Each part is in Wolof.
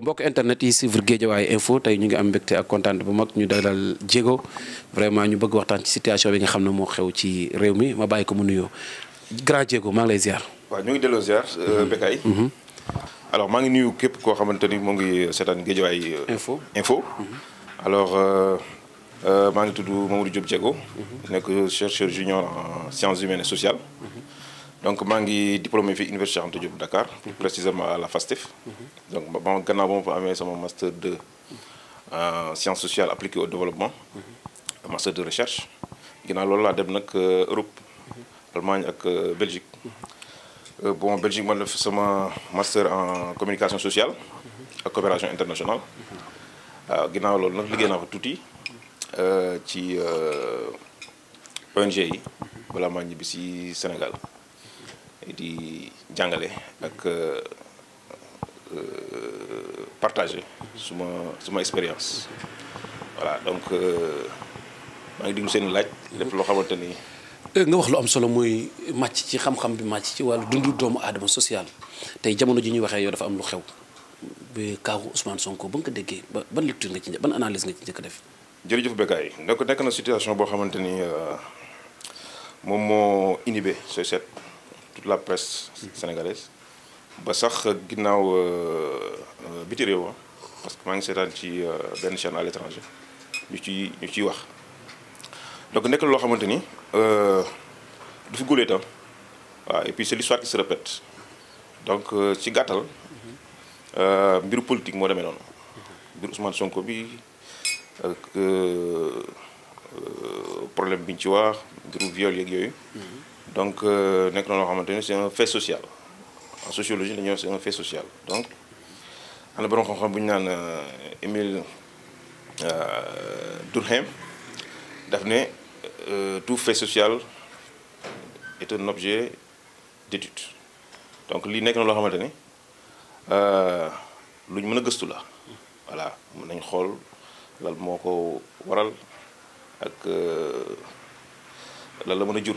mbokk internet yi suivre Guédiawaye info tey ñu ngi am mbégte ak kontaan bu mag ñu dalal Diego vraiment ñu bëgg waxtaan ci situation bi nga xam ne moo xew ci réew mi ma bàyyi ko mu nuyoo grand Diego maa ngi lay ziar. waaw ñu ngi delloo ziar euh, mhm. Bécaye. Mhm. alors maa ngi nuyu képp koo xamante ni moo ngi seetaan Guédiawaye euh, info info. Mhm. alors euh, maa ngi tudd Mamadou Diop Diego. nekk chercheur junior en sciences humaines et sociales. donc je suis diplômé de Université de Dakar plus précisément à la FASTEF donc ba gannaaw ba ma fa master de en euh, sciences sociales appliquées au développement un master de recherche ginnaaw loolu laa dem nag euh, Europe Allemagne et euh, Belgique bon Belgique ma fait sama master en communication sociale et coopération internationale waaw ginnaaw loolu nag liggéey naa fa tuuti ci ONG yi balaa Sénégal di jàngale ak euh, euh, partager suma suma expérience voilà donc euh, maa ngi déglu seen laaj lépp loo xamante ni nga wax lu am solo mooy màcc ci xam-xam bi màcc ci wàllu dundu doomu aadama social tey jamono ji ñuy waxee yow dafa am lu xew bi kaawu Ousmane Sonko ba nga ko déggee ba ban lecture nga ci ban analyse nga ci njëkk def jërëjëf Bekaay donc nekk na situation boo xamante ni moom moo inhibé sooy seet toute la presse sénégalaise ba sax ginnaaw euh, euh, biti réew hein, parce que maa ngi seetaan ci euh, benn chaîne à l'étranger ñu ci ñu ciy wax donc nekk loo xamante ni du fi góolee tam waaw et puis c'est l'histoire qui se répète donc ci gâteau, mbiru politique moo demee noonu mbiru Ousmane Sonko bi ak problème bi ñu ci wax viol donc euh, nekk na loo c'est un fait social en sociologie dañuy c'est un fait social donc en le borom xam-xam bu ñu naan euh, euh, Durkheim daf tout fait social est un objet d'étude donc lii nekk na loo xamante ne lu ñu gëstu la voilà mën nañ xool lan moo ko waral ak lan la jur.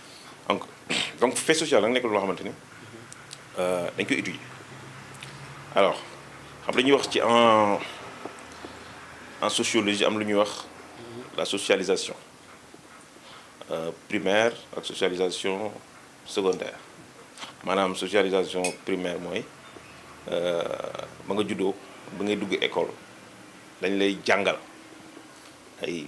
donc donc fait social nag hein, nekk xamanteni euh ni dañ koy étudier alors xam la wax ci en en sociologie am luñuy wax la socialisation euh, primaire ak socialisation secondaire manam socialisation primaire euh ba nga juddoo ba ngay dugg école dañ lay jangal ay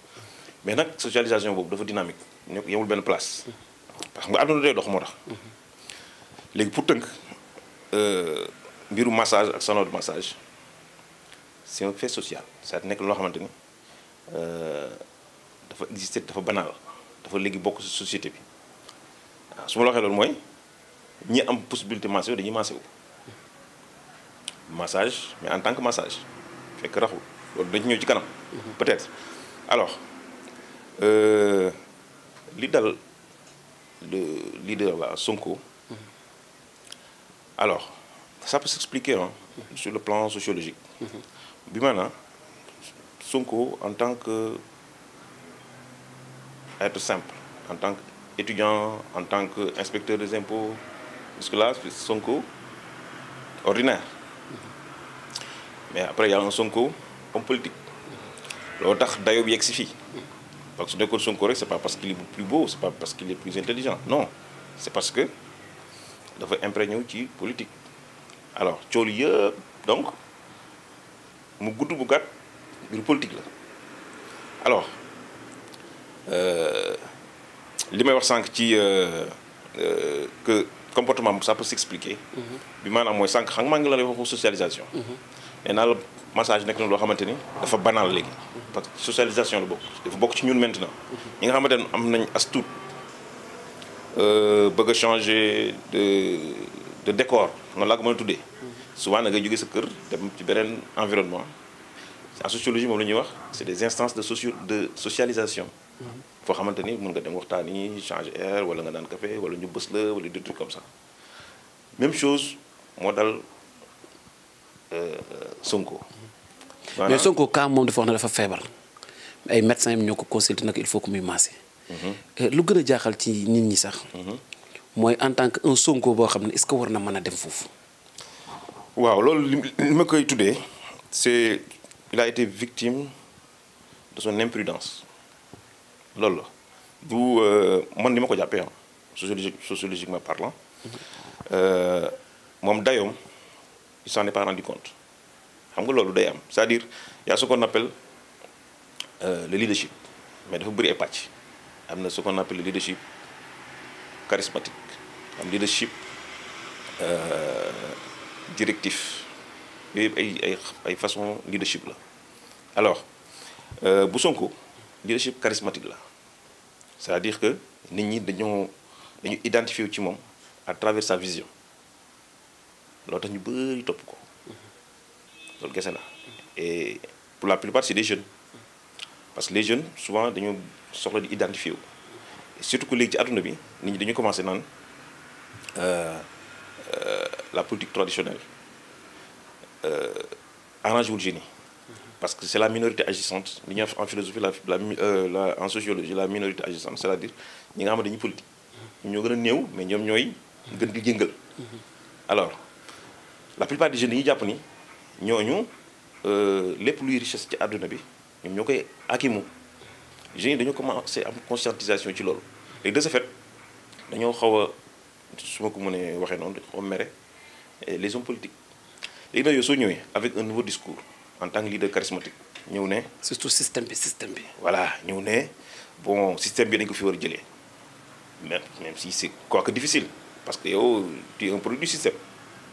mais nak socialisation boobu dafa dynamique ñu yemul benn place parce que àdduna day dox moo tax léegi pour euh mbiru massage ak salon de massage c'est un fait social ça nek lo xamanteni euh dafa exister dafa banal dafa légui bokk ci société bi waaw ah, su ma la waxee loolu ñi am possibilité massé wu dañuy massé wu massage mais en tant que massage fekk raxul loolu dañu ñëw ci kanam peut-être alors euh, leader de le leader là Sonko. Mhm. alors ça peut s'expliquer hein, mhm. sur le plan sociologique. Mhm. bi maintenant, Sonko en tant que être simple en tant qu'étudiant en tant qu'inspecteur des impôts que là Sonko ordinaire mais après il y a un Sonko homme politique Le tax dayo donc ce n'est c'est pas parce qu'il est plus beau c'est pas parce qu'il est plus intelligent non c'est parce que il imprégné imprégner ci politique. alors coow donc mu gudd politique alors euh, les meilleurs wax qui euh, euh, que comportement ça peut s'expliquer bi manam moy sank xang mang ngi la lay waxu socialisation Et naa la massage nek na lo xamanteni dafa banal léegi parce que socialisation le bokk dafa bok ci ñun maintenant ñi nga xamante am nañ as euh bëgg changer de de décor noonu la ko mën souvent nga joggé sa kër dem ci beneen environnement en sociologie moom lañuy wax c'est des instances de socio de socialisation fo xamanteni mën nga dem waxtaan yi changer air wala nga naan café wala ñu bës la wala des trucs comme ça même chose moo dal euh, Sonko. mais Sonko ka moom dafa wax ne dafa feebar ay médecins ñoo ko consulté nag il faut que muy maase. Mhm. Euh, lu gën a jaaxal ci nit ñi sax. Mhm. mooy en tant que un Sonko boo xam ne est-ce que war na mën a dem foofu. waaw loolu li ma koy tuddee c'est il a été victime de son imprudence lolo Je du euh, man ni ko jappé hein, sociologiquement parlant mom mhm. euh, dayom il s'en est pas rendu compte xam nga lolo day am c'est-à-dire y a ce qu'on appelle euh, le leadership mais dafa bëri ay Il y a ce qu'on appelle le leadership charismatique am leadership directif y ay ay ay façon leadership alors bu leadership charismatique là, c'est-à-dire que nous identifions de dañu identifier à travers sa vision l'autre tax ñu bëri topp ko et pour la plupart c'est les jeunes parce que les jeunes souvent nous soxla di surtout que les ci àdduna bi ñi dañu commencé euh, euh, la politique traditionnelle euh, arrange le génie parce que c'est la minorité agissante en philosophie euh, en sociologie la minorité agissante c'est-à-dire ñi nga xam ne politique ñoo gën mais nous ñooy gën plus jëngal alors la plupart des jeunes yi ñu ont ni euh, plus riches luy richesse ci àdduna bi ñoom ñoo akimu jeunes yi dañoo commencé am conscientisation ci Et de ce fait dañoo xaw a su ma dit, eh, les hommes politiques et ont yow avec un nouveau discours en tant que leader charismatique Nous sommes... surtout système le système bi. voilà Nous sommes... bon le système bi est ko fi même si c'est quoi que difficile parce que oh tu es un produit du système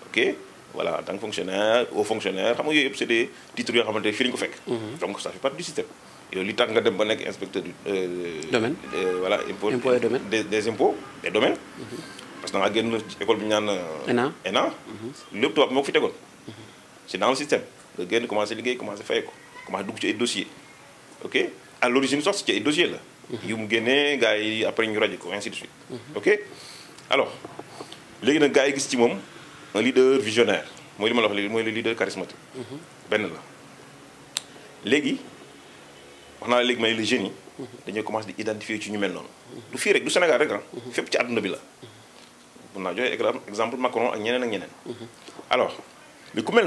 ok voilà en tant que fonctionnaire haut fonctionnaire xam nga c'est des titres qui ne mhm. donc ça fait partie du système. Et li tax nga dem inspecteur du. Euh, domaine euh, voilà impôt des impôts des domaines. Mhm. parce que dans ngaa génn école l'école ñu naan. Euh, ENA ENA. Mhm. c'est dans le système nga commencé liggéey commencé fay ko commencé dugg ci dossier ok à l'origine sax ci ay dossier la mhm. yu mu génnee gars après ñu rajo ko ainsi de suite mhm. ok alors léegi nag gars gis ci un leader visionnaire mooy li ma wax le leader charismatique mhm. benn la léegi wax naa léegi may les génie. dañoo di identifier ci ñu mel noonu du fii rek du Sénégal rek ah ci fait, bi la mun exemple Macron ak ñeneen ak ñeneen alors mais ku mel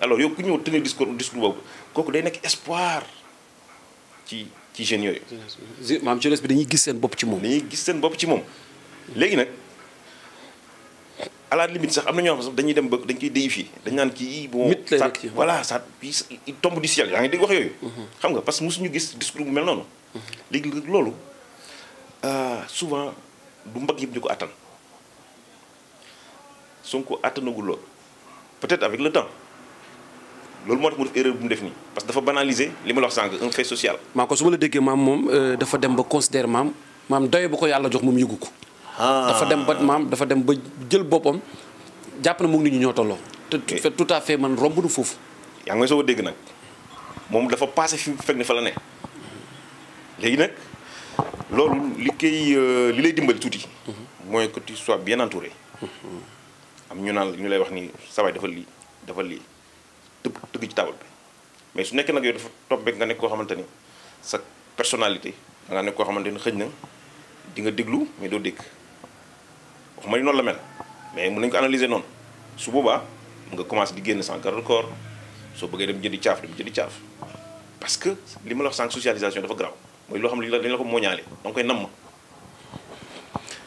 alors yow ku ñëw tenir discours discours boobu kooku day nek espoir ci ci jeunes yooyu. maam jeunesse bi dañuy gis seen bop ci mom dañuy gis seen bop ci mom légui nak à la limite sax amna na ñoo xam sax dañuy dem ba dañ koy déifier dañ naan ki bon. voilà ça puis il tombe du ciel yaa dig wax yoy mhm. xam nga parce que ñu gis discours bu mel mhm. légui lolu euh souvent du mbag yëpp ñu ko attan Sonko attanagul loolu peut-être avec le temps lolu moo tax erreur bu def ni parce que dafa banaliser li wax sank un fait social. maa ko su la déggee mam mom euh, dafa dem ba considère mam mam doy bu ko yalla jox mom yëgu ko. Ah. dafa dem ba mam dafa dem ba jël bopam japp na mo ngi nit ñoo tolo tout à fait man rombu du foofu. ya nga so soo dégg nak mom dafa passer fi fek ni fa la né légui nak lolu li kay euh, li lay dimbali tuuti. Mhm. mooy que tu sois bien entouré. Mhm. am ñu nal ñu lay wax ni saa waay dafa li dafa li tëb tëgg ci taabal bi mais su nekkee nag yow dafa tombé nga nekk koo xamante ni sa personalité da nekk koo xamante ni xëj na di nga déglu mais doo dégg waxuma ni noonu la mel mais mun nañu ko analyser noonu su boobaa nga commencé di génn sans garde corps soo bëggee dem jëndi caaf dem jëndi caaf. parce que li ma la wax sànq socialisation dafa garaaw mooy loo xam ne la ko mooñaale da nga koy namm.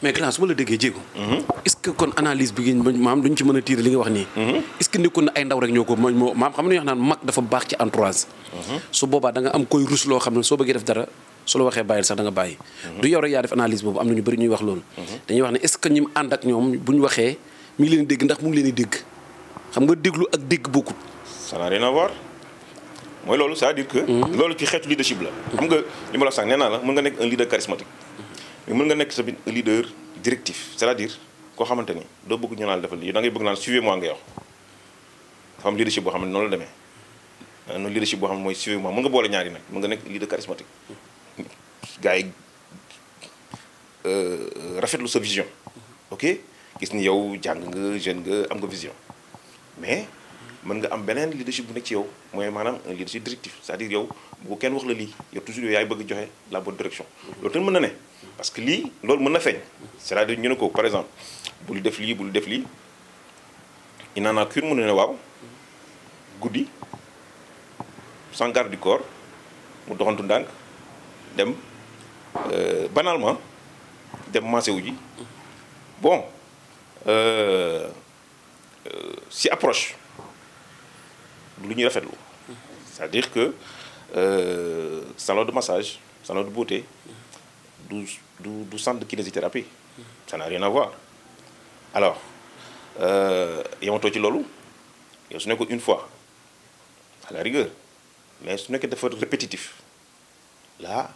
mais classe bu la déggee est ce que kon analyse bi maam duñ ci mën a tiir li nga wax nii. est ce que nekkul ay ndaw rek ñoo maam xam nga wax naan mag dafa baax ci entourage. su boobaa da nga am koy rus loo xam ne soo def dara su la waxee bàyyil sax da nga bàyyi. du yow rek yaa def analyse boobu am na ñu bëri ñuy wax loolu. dañuy wax ne est ce que ñi mu ànd ak ñoom bu ñu waxee mi ngi leen dégg ndax mu ngi leen di dégg xam nga déglu ak dégg bokkut. ça n'a rien à voir mooy dire que. Hmm. ci leadership la. xam nga la sax la mën nga un leader charismatique mais mën nga nekk sa leader directif c'est-à-dire koo xamante ni doo bëgg ñu naan defal lii da ngay bëgg naan suivez moi nga yow dafa am leadership boo xam ne noonu la demee noonu leadership boo xam ne mooy suivez moi mën nga boole ñaari nag mën nga nekk leader charismatique gars yi euh, rafetlu sa vision ok gis ni yow jàng nga jeune nga am nga vision mais man nga am benen leadership bu nek ci yow moy manam un leadership directif c'est-à-dire yow bu ko kenn wax la li yow toujours yow yaay bëgg joxe la bonne direction L'autre, tamit mën na parce que li loolu mën na c'est-à-dire ñu ne ko par exemple bul def lii bul def li il n'en a qu'une mu ne waaw goudi sans garde du corps mu doxantu dank dem euh, banalement dem maasé bon euh, bon euh, si approche c'est-à-dire que euh, salon de massage salon de beauté du du centre de kinésithérapie ça n'a rien à voir alors il y a un ci loolu Il y a une fois à la rigueur mais su des fois répétitif là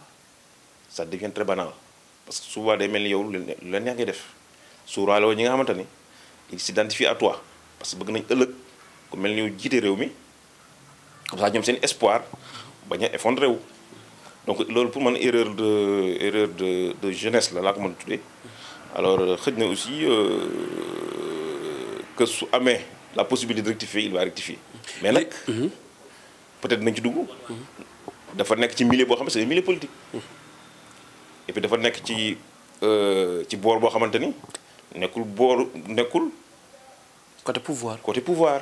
ça devient très banal parce que souvent les mel ni yow lu leen neex ils s'identifient à toi parce que bëgg nañ ëllëg ku comme ça ñoom un espoir bañ a effondré wu donc loolu pour mon erreur de erreur de de jeunesse la là ko mën a alors euh, xëj na aussi euh, que su Amé, la possibilité de rectifier il va rectifier mais là, mhm. peut-être nañ ci dugg dafa nekk ci milieu boo c'est un milieu politique et puis dafa nekk ci euh, ci boor boo xamante ni nekkul boor nekkul côté pouvoir côté pouvoir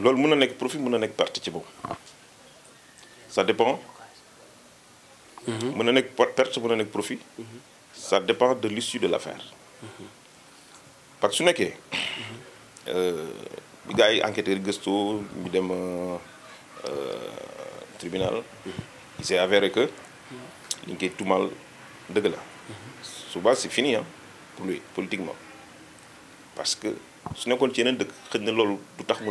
loolu mën nek profit mën nek perte ci boobu ça dépend. Mhm. mën nek perte mën nek profit. Mhm. ça dépend de l'issue de l'affaire. Mhm. parce que su nekkee a euh, gars yi enquêteurs le ñu dem euh, euh, tribunal. il s'est avéré que li était tout mal deug la. suba c'est fini hein, pour lui politiquement parce que si on ci yeneen dëkk xëj na loolu du tax mu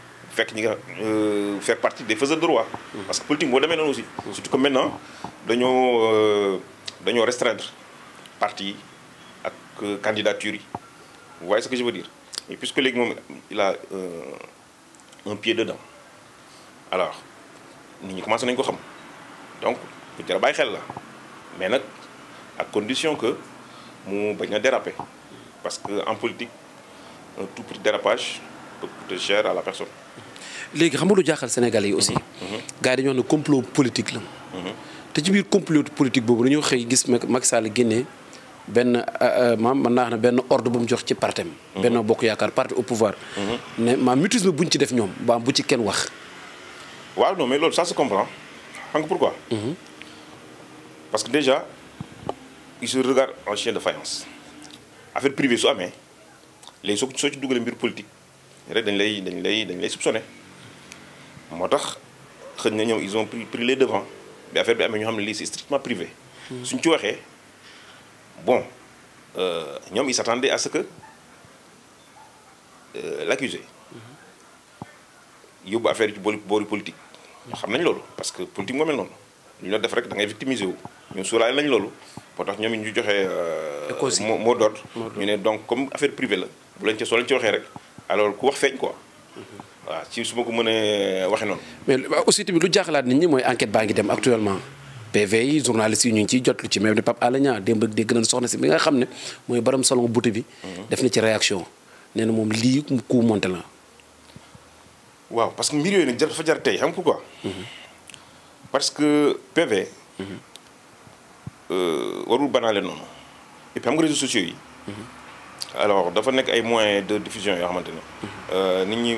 Euh, faire partie des faiseurs de droit mm. parce que la politique c'est aussi mm. surtout que maintenant nous euh, devons restreindre parti et euh, la candidature vous voyez ce que je veux dire et puisque l'église il a un pied dedans alors nous commençons à nous. ko donc nous jar dire, xel mais à condition que nous bañ déraper parce qu'en politique un tout petit dérapage peut coûter cher à la personne les xam nga Sénégalais aussi. Mhm. gars yi complot politique la. Mhm. te ci bir complot politique bobu dañu xey gis Macky Sall guéné ben euh, euh, man man na ben ne ordre bu mu jox ci partem mhm. benn bokk yaakaar parti au pouvoir. Mais ma mutisme buñ ci def ñom maam bu ci kenn wax. waaw non mais lolu ça se comprend xam pourquoi. parce que déjà ils se regardent en chien de faïence affaire privée su amee les soo so ci dugalee mbir politique rek dañ lay dañ lay dañ lay soupçonné motax xëñ na ñoom ils ont pris pris les devants bi affaire bi amee ñu xam li c'est strictement privé. Hmm. suñ ci waxé bon euh ñoom ils s'attendaient à ce que euh, l'accusé hmm. yóbbu affaire ci boori politique. Hmm. xam nañ lolu parce que politique mo mel non ñu la def rek da ngay victimiser wu ñu soulay nañ lolu moo tax ñoom joxé euh, mo, mot d'ordre ñu né donc comme affaire privée la bu leen ci soo ci waxé rek alors ku wax feeñ quoi. waaw ci su ma ko mënee waxee noonu. mais aussi tamit lu jaaxalaat nit ñi mooy enquête baa ngi dem actuellement PV yi journaliste yi ñu ngi ciy jot lu ci même ne Pape Alé Niang démb ak dégg nañ soxna si bi nga xam ne mooy borom salon buti bi. Mhm. def na ci réaction nee moom lii ku monté la. waaw parce que mbir yooyu nag jar dafa jar tey xam nga ko mhm. parce que PV. Mhm. Euh, warul banaale noonu et puis xam nga réseaux sociaux yi. alors dafa y ay moyens de diffusion yoo xamante ne euh, nit ñi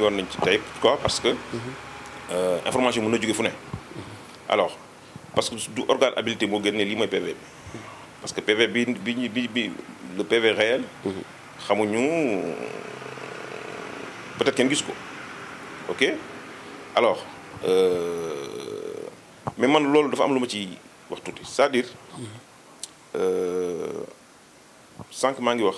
pourquoi parce que l'information euh, est très jóge alors parce que du organe habilité qui génne le PV parce que PV bi bi bi le PV réel xamuñu peut-être kenn gis ko ok alors euh, mais je ne dafa pas ce ci dire. c'est-à-dire 5 maa ngi wax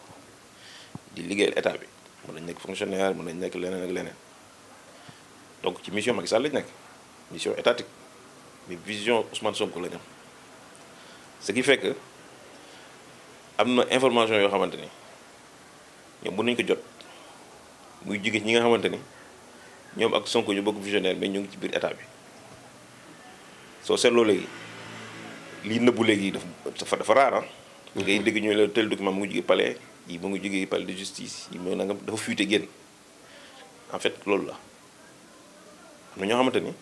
di liguel état bi mën nañ nek fonctionnaire mën nañ nek leneen ak leneen donc ci mission Macky Sall lañ nekk mission étatique mais vision Ousmane Sonko la ñu am ce qui fait que amna information yo xamanteni ni ñoom mën nañu ko jot muy jóge ñi nga xamanteni ñom ak Sonko ñu bokk visionnaire mais ñu ngi ci biir état bi so seetloo lolé li neubulé léegi dafa dafa raar ah. Mm-hmm. ngay dégg ñu ne tel document mu ngi palais. Il mu ngi de justice Il nangam dafa a en fait loolu la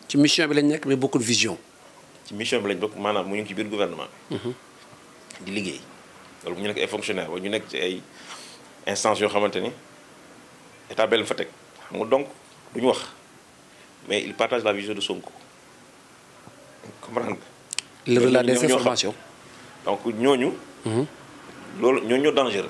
ci mission bi mais vision. ci mission bi lañ bokk manam mu ci gouvernement mhm. di liggéey ñu ay fonctionnaire ñu nek ci ay instances donc mais il partage la vision de Sonko comprendre le donc ñoñu. nous mhm. dangereux.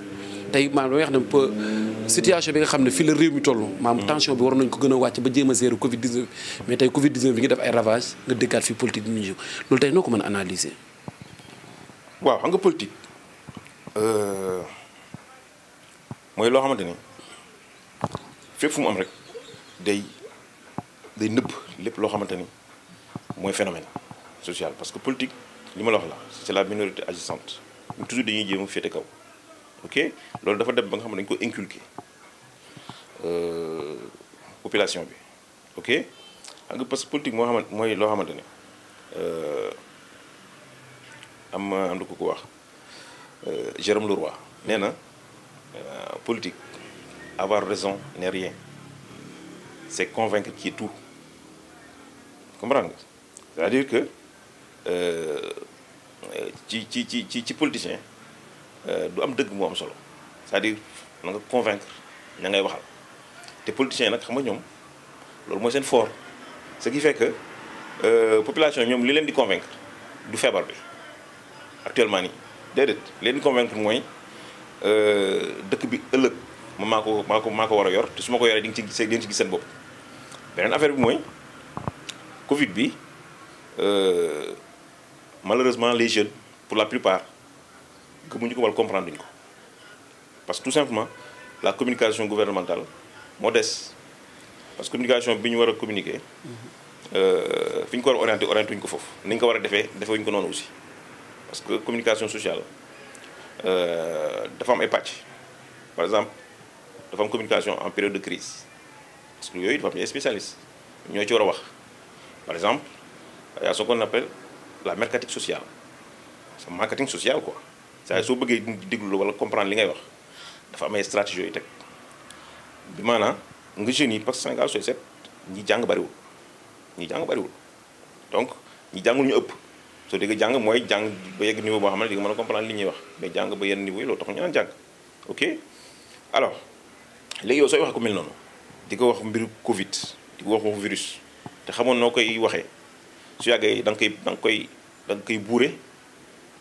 tey maanaam damay wax ne un peu situation bi nga xam ne fii la réew mi toll. maanaam mm. tension bi war nañ ko gën a wàcc ba jéem a zéro Covid 19. mais tey Covid 19 bi ngi def ay ravages nga déggaat fii politique bi mu ñëw loolu tey euh, mooy loo xamante ni fépp rek day day nëbb lépp loo xamante ni mooy phénomène social parce que politique li ma la wax la c'est la minorité agissante toujours dañuy jéemu a féete kaw. ok loolu dafa dem ba nga xam euh, population bi ok xam parce que politique moo xamante mooy loo xamante ne euh, am am ko wax euh, Jérôme Leroy nee politique avoir raison n'est rien c'est convaincre qui est tout Comprends? nga c'est-à-dire que tu, ci ci ci ci politicien euh, du am deug moo am solo c'est-à-dire nga convaincre ña ngay waxal té politiciens nak nag xam nga ñoom loolu mooy seen fort ce qui fait que euh population ñom li leen di convaincre du feebar bi actuellement ni déedéet leen di convaincre euh dëkk bi ëllëg ma mako mako maa ko yor te su ma ko yoree di nga ci gis di nga ci gis seen bopp beneen affaire bi moy Covid bi euh malheureusement les jeunes pour la plupart que nous wala comprendre ñu parce que tout simplement la communication gouvernementale modeste, parce que communication bi ñu communiquer mhm. euh, Fin quoi ko orienter a orienté orienté quoi, ko foofu ñu ko a aussi parce que communication sociale euh, dafa am ay par exemple dafa am communication en période de crise parce que yooyu dafa am spécialistes ñoo ci par exemple il y a ce qu'on appelle la mercatique sociale c'est marketing social quoi cest soo bëggee déglu wala comprendre li ngay wax dafa am ay stratégie yu teg bi maanaam nga jeunes yi parce que Sénégal sooy seet ñi jàng bariwul ñi jàng bariwul donc ñi jàngul ñu ëpp soo déggee jàng mooy jàng ba yegg niveau boo xam ne di nga mën a comprendre li ñuy wax mais jàng ba yenn niveau yi loolu tax ñu naan jàng ok alors léegi yow sooy wax ko mel noonu di ko wax mbiru Covid di ko wax waxu virus te xamoon noo koy waxee su yàggee da nga koy da koy da koy buure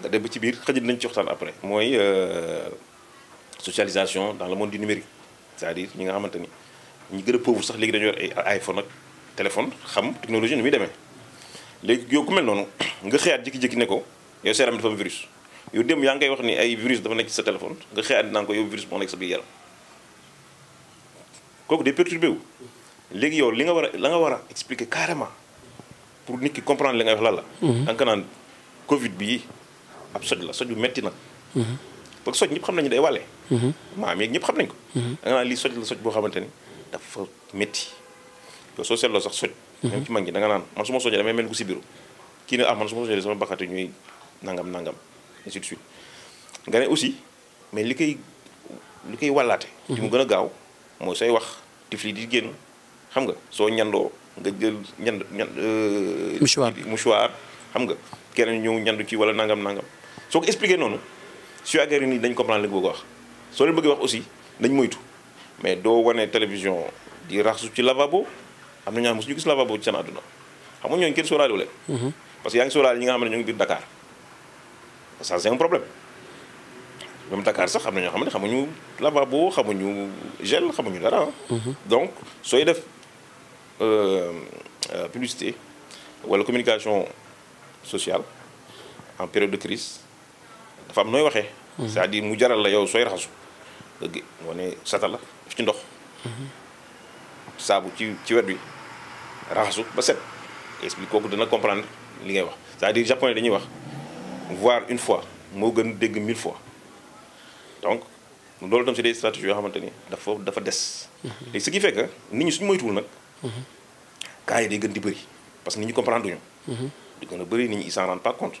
da dem ci biir xëjit nañ ci waxtaan après. mooy euh, socialisation dans le monde du numérique c'est-à-dire ñi nga xamante ni ñi gën a pauvre sax léegi dañu yor ay iPhone ak téléphone xam technologie ni muy demee léegi yow ku mel noonu nga xëyaat jékki-jékki ne ko yow seeram dafa am virus. yow dem yaa ngay wax ni ay virus dafa nekk ci sa téléphone nga xëyaat naa ko yow virus moo nekk sa biir yaram kooku day perturbé wu. léegi yow li nga war a la nga war a expliquer carrément pour nit ki comprendre li nga wax lan la. da mhm. naan Covid bii. ab soj la soj bu metti nag mhm. parce que soj ñëpp xam nañu day wàlle mhm. maam yeeg ñëpp xam nañ ko mhm. da nga naan lii soj la soj boo xamante ni dafa metti yow soo seetloo sax soj même ci da nga naan man su ma sojee damay mel ne ah, nga ne aussi mais li koy li koy wàllaate li mu gën a gaaw mooy sooy wax tifli di génn xam nga soo ñandoo nga jël ñand ñand euh, mouchoir xam nga keneen ñëw ñandu ci wala nangam nangam soo expliquer expliqué noonu su yaakaar ni dañ comprendre le nga bëgg wax soo leen bëggee wax aussi dañ moytu mais doo wane télévision di raxasu ci lavabo am na ñoo xam suñu gis lavabo ci seen àdduna xam nga ñooñu kenn sóoraale wu leen. Mhm. parce que yaa ngi sóoraale ñi nga xam ne ñoo ngi biir Dakar ça c'est un problème même Dakar sax am na ñoo xam lavabo, xamuñu lavabo xamuñu gel xamuñu dara hein. mhm. donc sooy def euh, euh, publicité wala communication sociale en période de crise Fam noy mhm. c'est-à-dire mu jaral la yow soy rasu, mhm. ci ci bi ba set explique dana comprendre li c'est-à-dire japonais dañuy wax voir une fois nous gën dégg mille fois donc nous tam c'est des stratégies yo xamanteni dafa les mhm. ce qui fait que nit ñi suñu moytuwul gën di parce que nit ñi comprendre duñu di gën bëri ils s'en rendent pas compte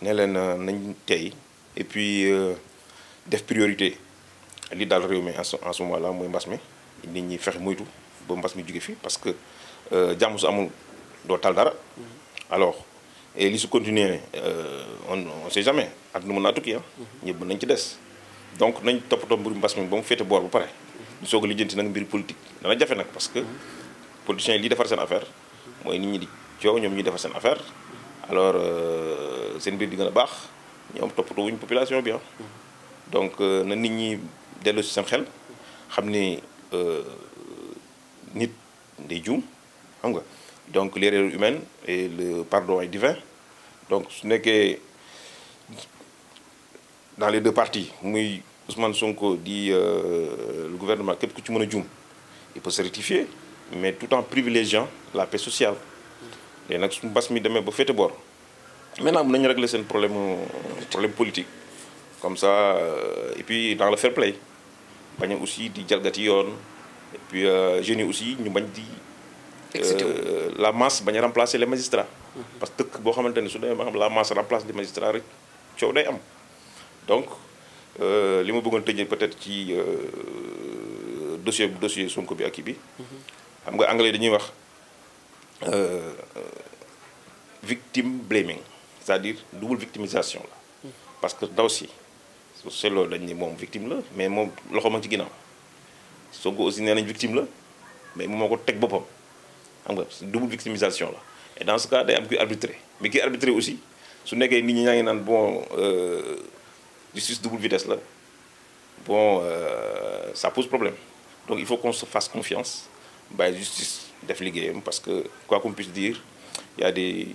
Euh, et puis euh, def priorité li en ce moment là mooy mbas nit ñi moytu parce que euh, jàmm amul être tal mm-hmm. alors et li on ne sait jamais ah. mm-hmm. donc nous avons fait pour mi nous mu féete bu pare mm-hmm. a mbir politique que parce que politiciens li faire affaire nit ñi di affaire alors seen une di gën a baax ñoom toppatoo wuñ population bi ah. donc euh, na nit ñi delloo ci seen xel xam ni euh, nit day juum xam nga donc l'erreur humaine et le pardon est divin donc su que dans les deux parties muy Ousmane Sonko di euh, le gouvernement képp ku ci mën a il peut se rectifier mais tout en privilégiant la paix sociale léegi nag su mbas mi demee ba féete boor. maintenant mën nañu régler seen problème problème politique comme ça euh, et puis dans le fair play bañ aussi di jalgati yoon et puis euh, jeunes aussi ñu bañ di. Euh, la masse bañ a remplacer les magistrats. Mm-hmm. parce que dëkk boo xamante ne su demee ba la mass remplace les magistrats rek coow day am donc li ma bëggoon tëjee peut-être ci dossier dossier sunk bi ak kii bi. Mm-hmm. xam nga anglais dañuy wax victim blaming. c'est-à-dire double victimisation parce que là aussi, c'est le dañ victime là mais mon loxo ma ci Si aussi une victime là mais mon côté ko teg double victimisation et dans ce cas y a un arbitré mais qui arbitré aussi si vous nit une euh, justice double vitesse bon euh, ça pose problème donc il faut qu'on se fasse confiance la justice def parce que quoi qu'on puisse dire il y a des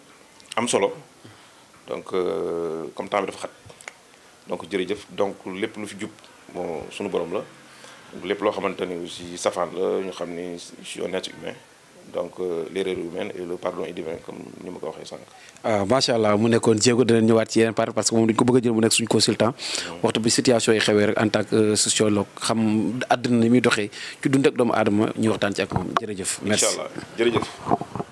am solo donc euh, comme temps bi dafa xat donc jërëjëf donc lépp lu fi jub bon sunu borom la donc lépp loo xamante ni aussi safaan la ñu xam ni je suis être humain donc euh, l'erreur humaine et le pardon est divin comme ni ma ko waxee ah allah mu nekkoon jéego danañ ñëwaat ci yeneen part parce que moom ko bëgg jël mu nekk suñu consultant. Mm-hmm. waxtu bi situation yi xewee rek en tant que euh, sociologue xam àddina ni muy ci dund ak ñu ci ak merci